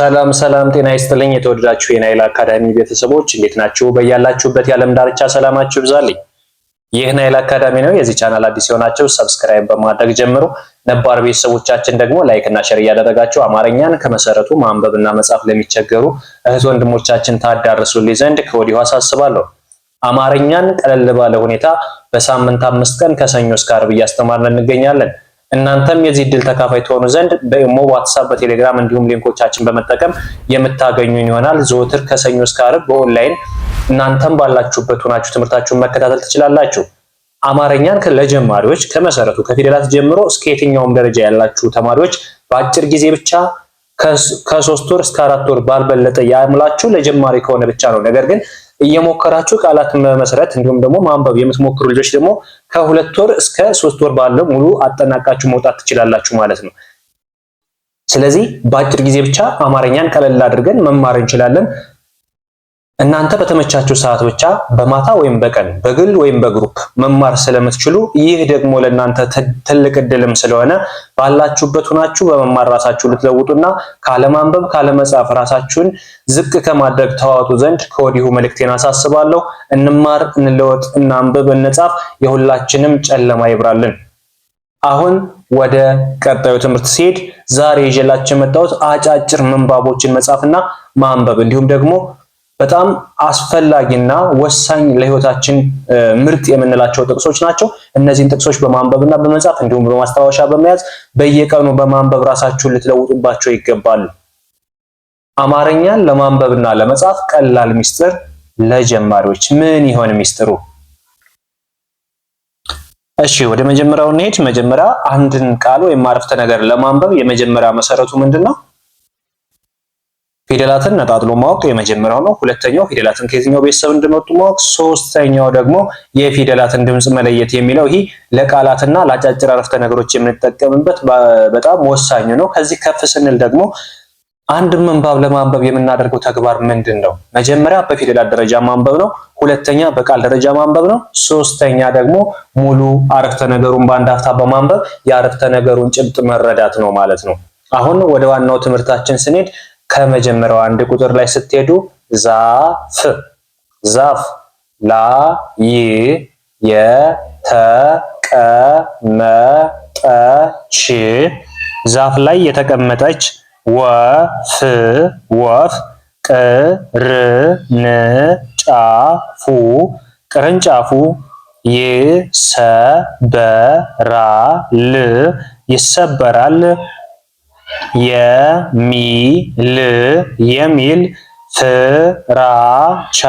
ሰላም ሰላም፣ ጤና ይስጥልኝ የተወደዳችሁ የናይል አካዳሚ ቤተሰቦች እንዴት ናችሁ? በያላችሁበት የዓለም ዳርቻ ሰላማችሁ ይብዛልኝ። ይህ ናይል አካዳሚ ነው። የዚህ ቻናል አዲስ የሆናችሁ ሰብስክራይብ በማድረግ ጀምሩ። ነባር ቤተሰቦቻችን ደግሞ ላይክ እና ሸር እያደረጋችሁ አማርኛን ከመሰረቱ ማንበብና መጻፍ ለሚቸገሩ እህት ወንድሞቻችን ታዳርሱልኝ ዘንድ ከወዲሁ አሳስባለሁ። አማርኛን ቀለል ባለ ሁኔታ በሳምንት አምስት ቀን ከሰኞ እስከ ዓርብ እያስተማርን እንገኛለን። እናንተም የዚህ እድል ተካፋይ ትሆኑ ዘንድ በኢሞ ዋትሳፕ፣ በቴሌግራም እንዲሁም ሊንኮቻችን በመጠቀም የምታገኙን ይሆናል። ዘወትር ከሰኞ እስከ ዓርብ በኦንላይን እናንተም ባላችሁበት ሆናችሁ ትምህርታችሁን መከታተል ትችላላችሁ። አማርኛን ለጀማሪዎች ከመሰረቱ ከፊደላት ጀምሮ እስከ የትኛውም ደረጃ ያላችሁ ተማሪዎች በአጭር ጊዜ ብቻ ከሶስት ወር እስከ አራት ወር ባልበለጠ ያምላችሁ ለጀማሪ ከሆነ ብቻ ነው። ነገር ግን እየሞከራችሁ ቃላት መመስረት እንዲሁም ደግሞ ማንበብ የምትሞክሩ ልጆች ደግሞ ከሁለት ወር እስከ ሶስት ወር ባለው ሙሉ አጠናቃችሁ መውጣት ትችላላችሁ ማለት ነው። ስለዚህ በአጭር ጊዜ ብቻ አማርኛን ቀለል አድርገን መማር እንችላለን። እናንተ በተመቻችሁ ሰዓት ብቻ በማታ ወይም በቀን በግል ወይም በግሩፕ መማር ስለምትችሉ ይህ ደግሞ ለእናንተ ትልቅ እድልም ስለሆነ ባላችሁበት ሆናችሁ በመማር ራሳችሁ ልትለውጡና ካለማንበብ ካለመጻፍ ራሳችሁን ዝቅ ከማድረግ ተዋወጡ ዘንድ ከወዲሁ መልእክቴን አሳስባለሁ። እንማር፣ እንለወጥ፣ እናንብብ፣ እንጻፍ። የሁላችንም ጨለማ ይብራልን። አሁን ወደ ቀጣዩ ትምህርት ሲሄድ ዛሬ ይዤላችሁ የመጣሁት አጫጭር ምንባቦችን መጻፍና ማንበብ እንዲሁም ደግሞ በጣም አስፈላጊና ወሳኝ ለህይወታችን ምርጥ የምንላቸው ጥቅሶች ናቸው። እነዚህን ጥቅሶች በማንበብና በመጻፍ እንዲሁም በማስታወሻ በመያዝ በየቀኑ በማንበብ ራሳችሁን ልትለውጡባቸው ይገባሉ። አማርኛን ለማንበብና ለመጻፍ ቀላል ሚስጥር ለጀማሪዎች ምን ይሆን ሚስጥሩ? እሺ ወደ መጀመሪያው እንሄድ። መጀመሪያ አንድን ቃል ወይም አረፍተ ነገር ለማንበብ የመጀመሪያ መሰረቱ ምንድን ነው? ፊደላትን ነጣጥሎ ማወቅ የመጀመሪያው ነው። ሁለተኛው ፊደላትን ከየትኛው ቤተሰብ እንደመጡ ማወቅ፣ ሶስተኛው ደግሞ የፊደላትን ድምፅ መለየት የሚለው ይህ ለቃላትና ለአጫጭር አረፍተ ነገሮች የምንጠቀምበት በጣም ወሳኝ ነው። ከዚህ ከፍ ስንል ደግሞ አንድ ምንባብ ለማንበብ የምናደርገው ተግባር ምንድን ነው? መጀመሪያ በፊደላት ደረጃ ማንበብ ነው። ሁለተኛ በቃል ደረጃ ማንበብ ነው። ሶስተኛ ደግሞ ሙሉ አረፍተ ነገሩን በአንድ ሀፍታ በማንበብ የአረፍተ ነገሩን ጭብጥ መረዳት ነው ማለት ነው። አሁን ወደ ዋናው ትምህርታችን ስንሄድ ከመጀመሪያው አንድ ቁጥር ላይ ስትሄዱ ዛፍ ዛፍ ላይ የተቀመጠች ዛፍ ላይ የተቀመጠች ወፍ ወፍ ቅርንጫፉ ቅርንጫፉ ይሰበራል ይሰበራል የሚል የሚል ፍራቻ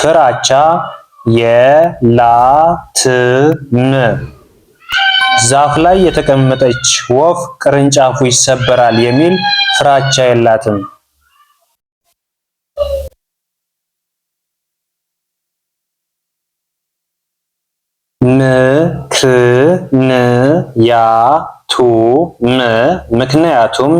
ፍራቻ የላትም። ዛፍ ላይ የተቀመጠች ወፍ ቅርንጫፉ ይሰበራል የሚል ፍራቻ የላትም። ምክንያ ቱ ም ምክንያቱም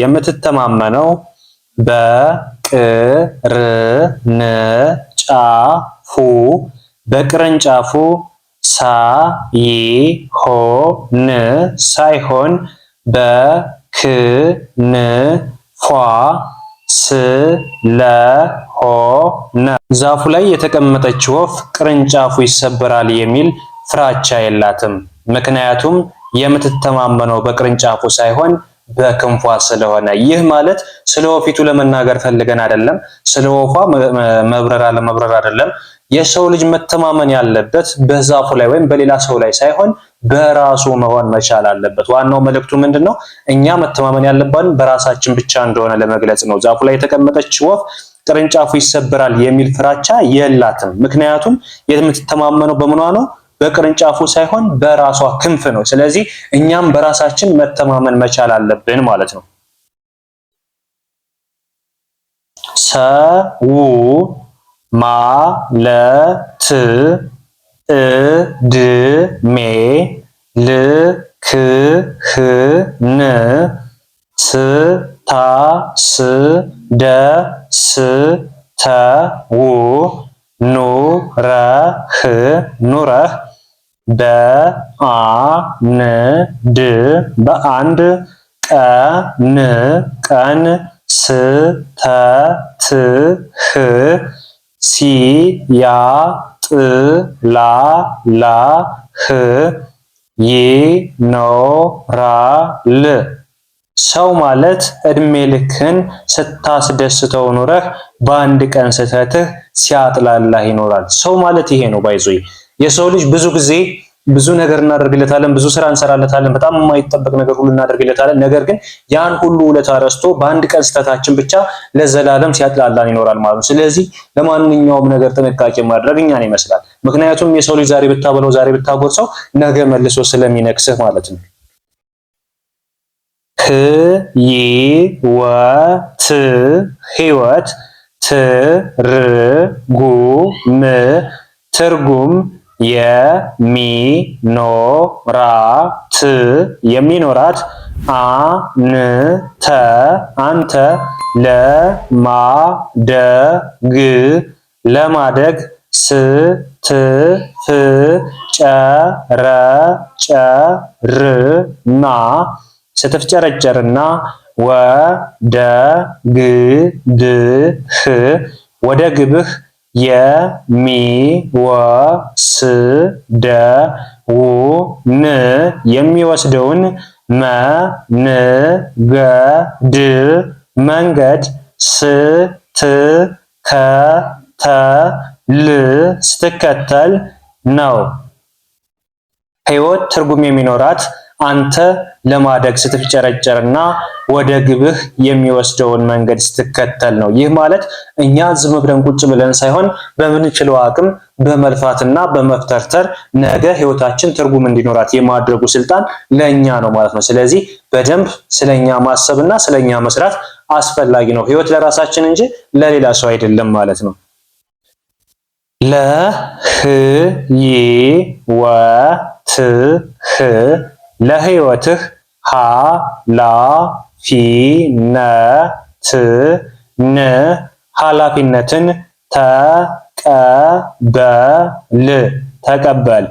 የምትተማመነው የምትተማመነው በቅርንጫፉ በቅርንጫፉ ሳይሆን ሳይሆን በክንፏ ስለሆነ ዛፉ ላይ የተቀመጠች ወፍ ቅርንጫፉ ይሰበራል የሚል ፍራቻ የላትም። ምክንያቱም የምትተማመነው በቅርንጫፉ ሳይሆን በክንፏ ስለሆነ። ይህ ማለት ስለ ወፊቱ ለመናገር ፈልገን አይደለም፣ ስለ ወፏ መብረር አለመብረር አይደለም። የሰው ልጅ መተማመን ያለበት በዛፉ ላይ ወይም በሌላ ሰው ላይ ሳይሆን በራሱ መሆን መቻል አለበት። ዋናው መልእክቱ ምንድን ነው? እኛ መተማመን ያለባን በራሳችን ብቻ እንደሆነ ለመግለጽ ነው። ዛፉ ላይ የተቀመጠች ወፍ ቅርንጫፉ ይሰበራል የሚል ፍራቻ የላትም። ምክንያቱም የምትተማመነው በምኗ ነው? በቅርንጫፉ ሳይሆን በራሷ ክንፍ ነው። ስለዚህ እኛም በራሳችን መተማመን መቻል አለብን ማለት ነው። ሰው ማለት ዕድሜ ልክህን ስታስደስተው ኑረህ ኑረህ በአንድ በአንድ ቀን ቀን ስተትህ ሲ ያ ጥ ላ ላ ህ ይ ኖ ራ ል ሰው ማለት እድሜ ልክን ስታስደስተው ኑረህ በአንድ ቀን ስተትህ ሲያጥላላህ ይኖራል። ሰው ማለት ይሄ ነው። ባይዞይ የሰው ልጅ ብዙ ጊዜ ብዙ ነገር እናደርግለታለን፣ ብዙ ስራ እንሰራለታለን፣ በጣም የማይጠበቅ ነገር ሁሉ እናደርግለታለን። ነገር ግን ያን ሁሉ ውለታ ረስቶ በአንድ ቀን ስህተታችን ብቻ ለዘላለም ሲያጥላላን ይኖራል ማለት ነው። ስለዚህ ለማንኛውም ነገር ጥንቃቄ ማድረግ እኛን ይመስላል። ምክንያቱም የሰው ልጅ ዛሬ ብታበለው፣ ዛሬ ብታጎርሰው ነገ መልሶ ስለሚነክስህ ማለት ነው። ህይወት ህይወት ትርጉም ትርጉም የሚኖራት የሚኖራት አንተ አንተ ለማደግ ለማደግ ስትፍጨረጨርና ስትፍጨረጨርና ወደ ግብህ ወደ ግብህ የሚወ ስ ደ ው ን የሚወስደውን መ ን ገ ድ መንገድ ስ ት ከ ተ ል ስትከተል ነው። ህይወት ትርጉም የሚኖራት አንተ ለማደግ ስትፍጨረጨርና ወደ ግብህ የሚወስደውን መንገድ ስትከተል ነው። ይህ ማለት እኛ ዝም ብለን ቁጭ ብለን ሳይሆን በምንችለው አቅም በመልፋትና በመፍተርተር ነገ ህይወታችን ትርጉም እንዲኖራት የማድረጉ ስልጣን ለኛ ነው ማለት ነው። ስለዚህ በደንብ ስለኛ ማሰብና ስለኛ መስራት አስፈላጊ ነው። ህይወት ለራሳችን እንጂ ለሌላ ሰው አይደለም ማለት ነው። ለህይወት ለህይወትህ ሀ ላ ፊ ነ ት ን ኃላፊነትን ተቀበል ተቀበል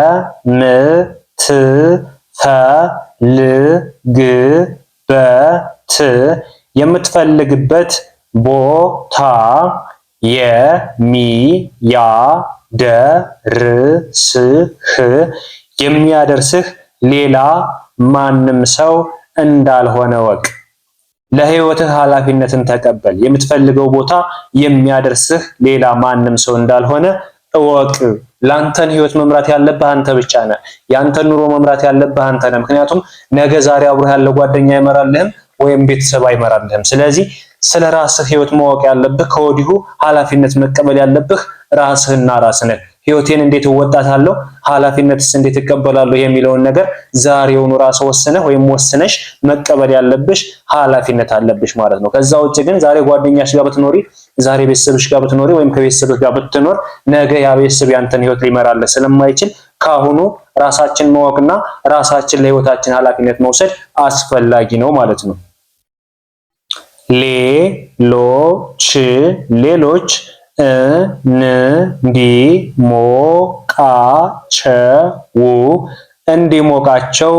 የምትፈልግበት የምትፈልግበት ቦታ የሚያደርስህ የሚያደርስህ ሌላ ማንም ሰው እንዳልሆነ ወቅ። ለህይወትህ ኃላፊነትን ተቀበል። የምትፈልገው ቦታ የሚያደርስህ ሌላ ማንም ሰው እንዳልሆነ እወቅ። ላንተን ህይወት መምራት ያለብህ አንተ ብቻ ነህ። ያንተን ኑሮ መምራት ያለብህ አንተ ነህ። ምክንያቱም ነገ ዛሬ አብሮህ ያለ ጓደኛ አይመራልህም ወይም ቤተሰብ አይመራልህም። ስለዚህ ስለ ራስህ ህይወት ማወቅ ያለብህ ከወዲሁ ኃላፊነት መቀበል ያለብህ ራስህና ራስህ ነህ። ህይወቴን እንዴት እወጣታለሁ፣ ኃላፊነትስ እንዴት እቀበላለሁ የሚለውን ነገር ዛሬውኑ ራስ ወስነህ ወይም ወስነሽ መቀበል ያለብሽ ኃላፊነት አለብሽ ማለት ነው። ከዛ ውጭ ግን ዛሬ ጓደኛሽ ጋር ብትኖሪ፣ ዛሬ ቤተሰብሽ ጋር ብትኖሪ ወይም ከቤተሰብሽ ጋር ብትኖር ነገ ያ ቤተሰብ ያንተን ህይወት ሊመራልህ ስለማይችል ካሁኑ ራሳችን ማወቅና ራሳችን ለህይወታችን ኃላፊነት መውሰድ አስፈላጊ ነው ማለት ነው። ሌሎች ሌሎች እንዲ እንዲሞቃቸው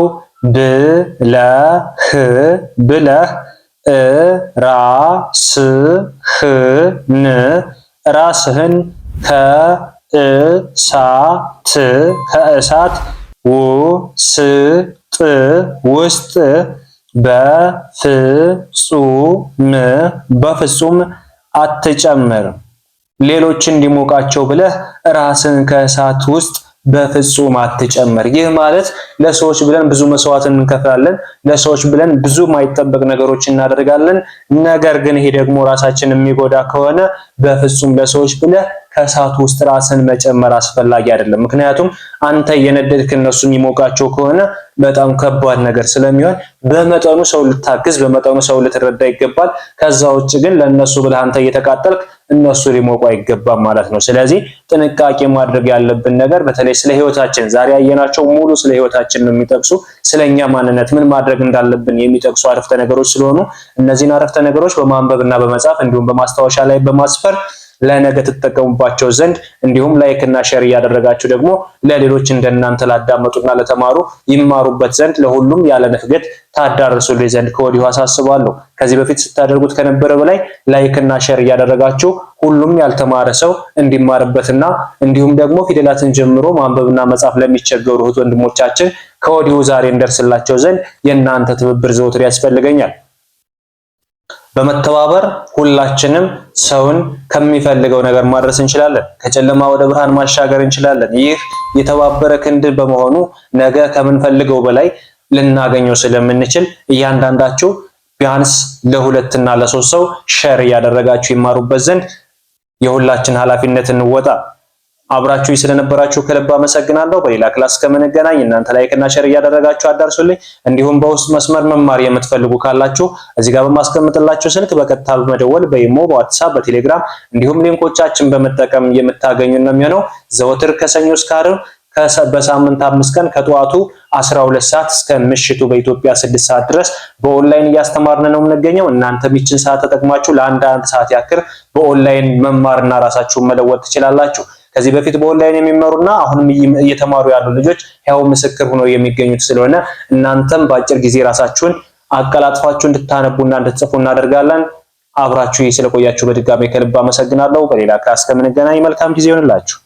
ብለህ ብለህ እራስህን ራስህን ከእሳት ከእሳት ውስጥ ውስጥ በፍጹም በፍጹም አትጨምር። ሌሎች እንዲሞቃቸው ብለህ ራስን ከእሳት ውስጥ በፍጹም አትጨምር። ይህ ማለት ለሰዎች ብለን ብዙ መስዋዕት እንከፍላለን። ለሰዎች ብለን ብዙ ማይጠበቅ ነገሮች እናደርጋለን። ነገር ግን ይሄ ደግሞ ራሳችን የሚጎዳ ከሆነ በፍጹም ለሰዎች ብለህ ከእሳት ውስጥ ራስን መጨመር አስፈላጊ አይደለም። ምክንያቱም አንተ የነደድክ እነሱ የሚሞቃቸው ከሆነ በጣም ከባድ ነገር ስለሚሆን በመጠኑ ሰው ልታግዝ፣ በመጠኑ ሰው ልትረዳ ይገባል። ከዛ ውጭ ግን ለእነሱ ብለህ አንተ እየተቃጠልክ እነሱ ሊሞቁ አይገባም ማለት ነው። ስለዚህ ጥንቃቄ ማድረግ ያለብን ነገር በተለይ ስለ ህይወታችን ዛሬ ያየናቸው ሙሉ ስለ ህይወታችን ነው የሚጠቅሱ ስለኛ ማንነት ምን ማድረግ እንዳለብን የሚጠቅሱ አረፍተ ነገሮች ስለሆኑ እነዚህን አረፍተ ነገሮች በማንበብና በመጻፍ እንዲሁም በማስታወሻ ላይ በማስፈር ለነገ ትጠቀሙባቸው ዘንድ እንዲሁም ላይክ እና ሼር እያደረጋችሁ ደግሞ ለሌሎች እንደናንተ ላዳመጡና ለተማሩ ይማሩበት ዘንድ ለሁሉም ያለ ንፍገት ታዳርሱልኝ ዘንድ ከወዲሁ አሳስባለሁ። ከዚህ በፊት ስታደርጉት ከነበረ በላይ ላይክ እና ሼር እያደረጋችሁ ሁሉም ያልተማረ ሰው እንዲማርበትና እንዲሁም ደግሞ ፊደላትን ጀምሮ ማንበብና መጻፍ ለሚቸገሩ እህት ወንድሞቻችን ከወዲሁ ዛሬ እንደርስላቸው ዘንድ የእናንተ ትብብር ዘውትር ያስፈልገኛል። በመተባበር ሁላችንም ሰውን ከሚፈልገው ነገር ማድረስ እንችላለን። ከጨለማ ወደ ብርሃን ማሻገር እንችላለን። ይህ የተባበረ ክንድ በመሆኑ ነገ ከምንፈልገው በላይ ልናገኘው ስለምንችል እያንዳንዳችሁ ቢያንስ ለሁለት እና ለሶስት ሰው ሸር እያደረጋችሁ ይማሩበት ዘንድ የሁላችን ኃላፊነት እንወጣ። አብራችሁ ስለነበራችሁ ከልብ አመሰግናለሁ። በሌላ ክላስ ከምንገናኝ እናንተ ላይክ እና ሼር እያደረጋችሁ አዳርሱልኝ። እንዲሁም በውስጥ መስመር መማር የምትፈልጉ ካላችሁ እዚህ ጋር በማስቀምጥላችሁ ስልክ በቀጥታ በመደወል በኢሞ፣ በዋትሳፕ፣ በቴሌግራም እንዲሁም ሊንኮቻችን በመጠቀም የምታገኙ ነው የሚሆነው። ዘወትር ከሰኞ እስከ ዓርብ በሳምንት አምስት ቀን ከጠዋቱ 12 ሰዓት እስከ ምሽቱ በኢትዮጵያ 6 ሰዓት ድረስ በኦንላይን እያስተማርን ነው የምንገኘው። እናንተም ይችን ሰዓት ተጠቅማችሁ ለአንድ አንድ ሰዓት ያክል በኦንላይን መማርና ራሳችሁን መለወጥ ትችላላችሁ። ከዚህ በፊት በኦንላይን የሚመሩና አሁንም እየተማሩ ያሉ ልጆች ያው ምስክር ሆነው የሚገኙት ስለሆነ እናንተም በአጭር ጊዜ ራሳችሁን አቀላጥፋችሁ እንድታነቡና እንድትጽፉ እናደርጋለን። አብራችሁ ስለቆያችሁ በድጋሚ ከልብ አመሰግናለሁ። በሌላ ክላስ ከምንገናኝ መልካም ጊዜ ይሆንላችሁ።